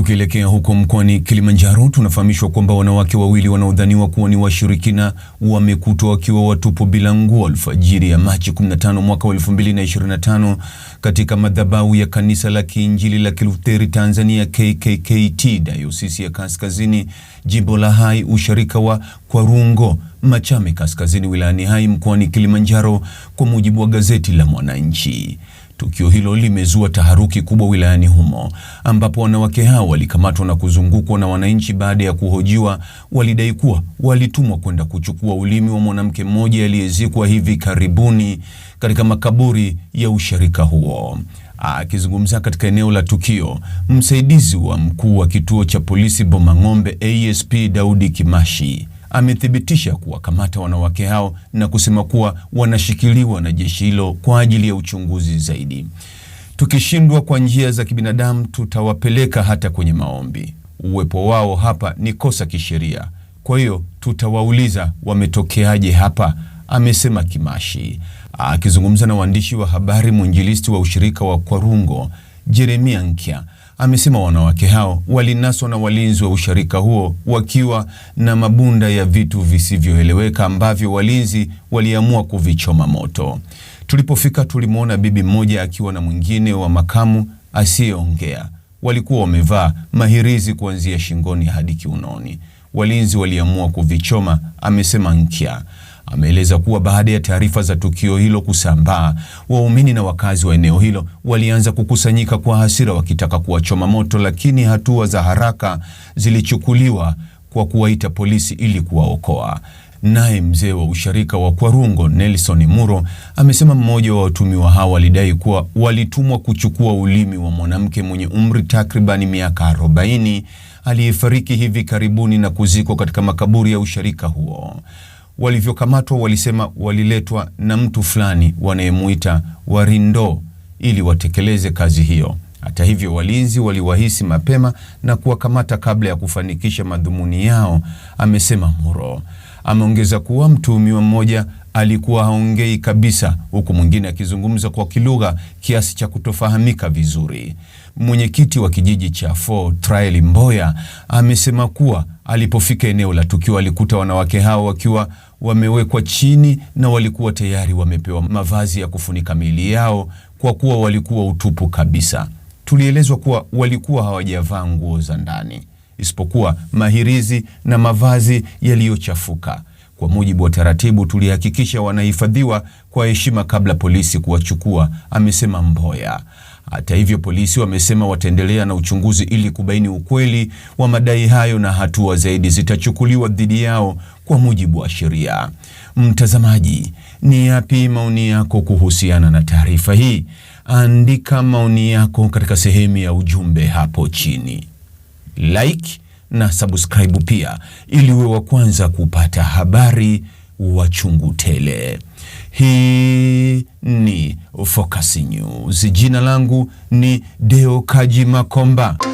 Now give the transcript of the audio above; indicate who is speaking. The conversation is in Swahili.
Speaker 1: Tukielekea huko mkoani Kilimanjaro, tunafahamishwa kwamba wanawake wawili wanaodhaniwa kuwa ni washirikina wamekutwa wakiwa watupu bila nguo alfajiri ya Machi 15 mwaka 2025 katika madhabahu ya Kanisa la Kiinjili la Kilutheri Tanzania KKKT Dayosisi ya Kaskazini, Jimbo la Hai, Usharika wa Kwarungo, Machame Kaskazini, wilayani Hai mkoani Kilimanjaro, kwa mujibu wa gazeti la Mwananchi. Tukio hilo limezua taharuki kubwa wilayani humo, ambapo wanawake hao walikamatwa na kuzungukwa na wananchi. Baada ya kuhojiwa, walidai kuwa walitumwa kwenda kuchukua ulimi wa mwanamke mmoja aliyezikwa hivi karibuni katika makaburi ya usharika huo. Akizungumza katika eneo la tukio, msaidizi wa mkuu wa kituo cha polisi Bomang'ombe, ASP Daudi Kimashi amethibitisha kuwakamata wanawake hao na kusema kuwa wanashikiliwa na jeshi hilo kwa ajili ya uchunguzi zaidi. Tukishindwa kwa njia za kibinadamu, tutawapeleka hata kwenye maombi. Uwepo wao hapa ni kosa kisheria, kwa hiyo tutawauliza wametokeaje hapa, amesema Kimashi akizungumza na waandishi wa habari. Mwinjilisti wa ushirika wa Kwarungo Jeremia Nkya amesema wanawake hao walinaswa na walinzi wa ushirika huo wakiwa na mabunda ya vitu visivyoeleweka ambavyo walinzi waliamua kuvichoma moto. Tulipofika tulimwona bibi mmoja akiwa na mwingine wa makamu asiyeongea. Walikuwa wamevaa mahirizi kuanzia shingoni hadi kiunoni. Walinzi waliamua kuvichoma, amesema Nkia ameeleza kuwa baada ya taarifa za tukio hilo kusambaa, waumini na wakazi wa eneo hilo walianza kukusanyika kwa hasira wakitaka kuwachoma moto, lakini hatua za haraka zilichukuliwa kwa kuwaita polisi ili kuwaokoa. Naye mzee wa usharika wa Kwarungo Nelson Muro amesema mmoja wa watumiwa hao alidai kuwa walitumwa kuchukua ulimi wa mwanamke mwenye umri takribani miaka 40 aliyefariki hivi karibuni na kuzikwa katika makaburi ya usharika huo walivyokamatwa walisema waliletwa na mtu fulani wanayemuita Warindo ili watekeleze kazi hiyo. Hata hivyo, walinzi waliwahisi mapema na kuwakamata kabla ya kufanikisha madhumuni yao, amesema Muro. Ameongeza kuwa mtuhumiwa mmoja alikuwa haongei kabisa, huku mwingine akizungumza kwa kilugha kiasi cha kutofahamika vizuri. Mwenyekiti wa kijiji cha Fort Trail Mboya amesema kuwa alipofika eneo la tukio alikuta wanawake hao wakiwa wamewekwa chini na walikuwa tayari wamepewa mavazi ya kufunika miili yao kwa kuwa walikuwa utupu kabisa. Tulielezwa kuwa walikuwa hawajavaa nguo za ndani isipokuwa mahirizi na mavazi yaliyochafuka. Kwa mujibu wa taratibu, tulihakikisha wanahifadhiwa kwa heshima kabla polisi kuwachukua, amesema Mboya. Hata hivyo, polisi wamesema wataendelea na uchunguzi ili kubaini ukweli wa madai hayo na hatua zaidi zitachukuliwa dhidi yao kwa mujibu wa sheria. Mtazamaji, ni yapi maoni yako kuhusiana na taarifa hii? Andika maoni yako katika sehemu ya ujumbe hapo chini. Like na subscribe pia ili uwe wa kwanza kupata habari wachungu tele. Hii ni Focus News. Jina langu ni Deo Kaji Makomba.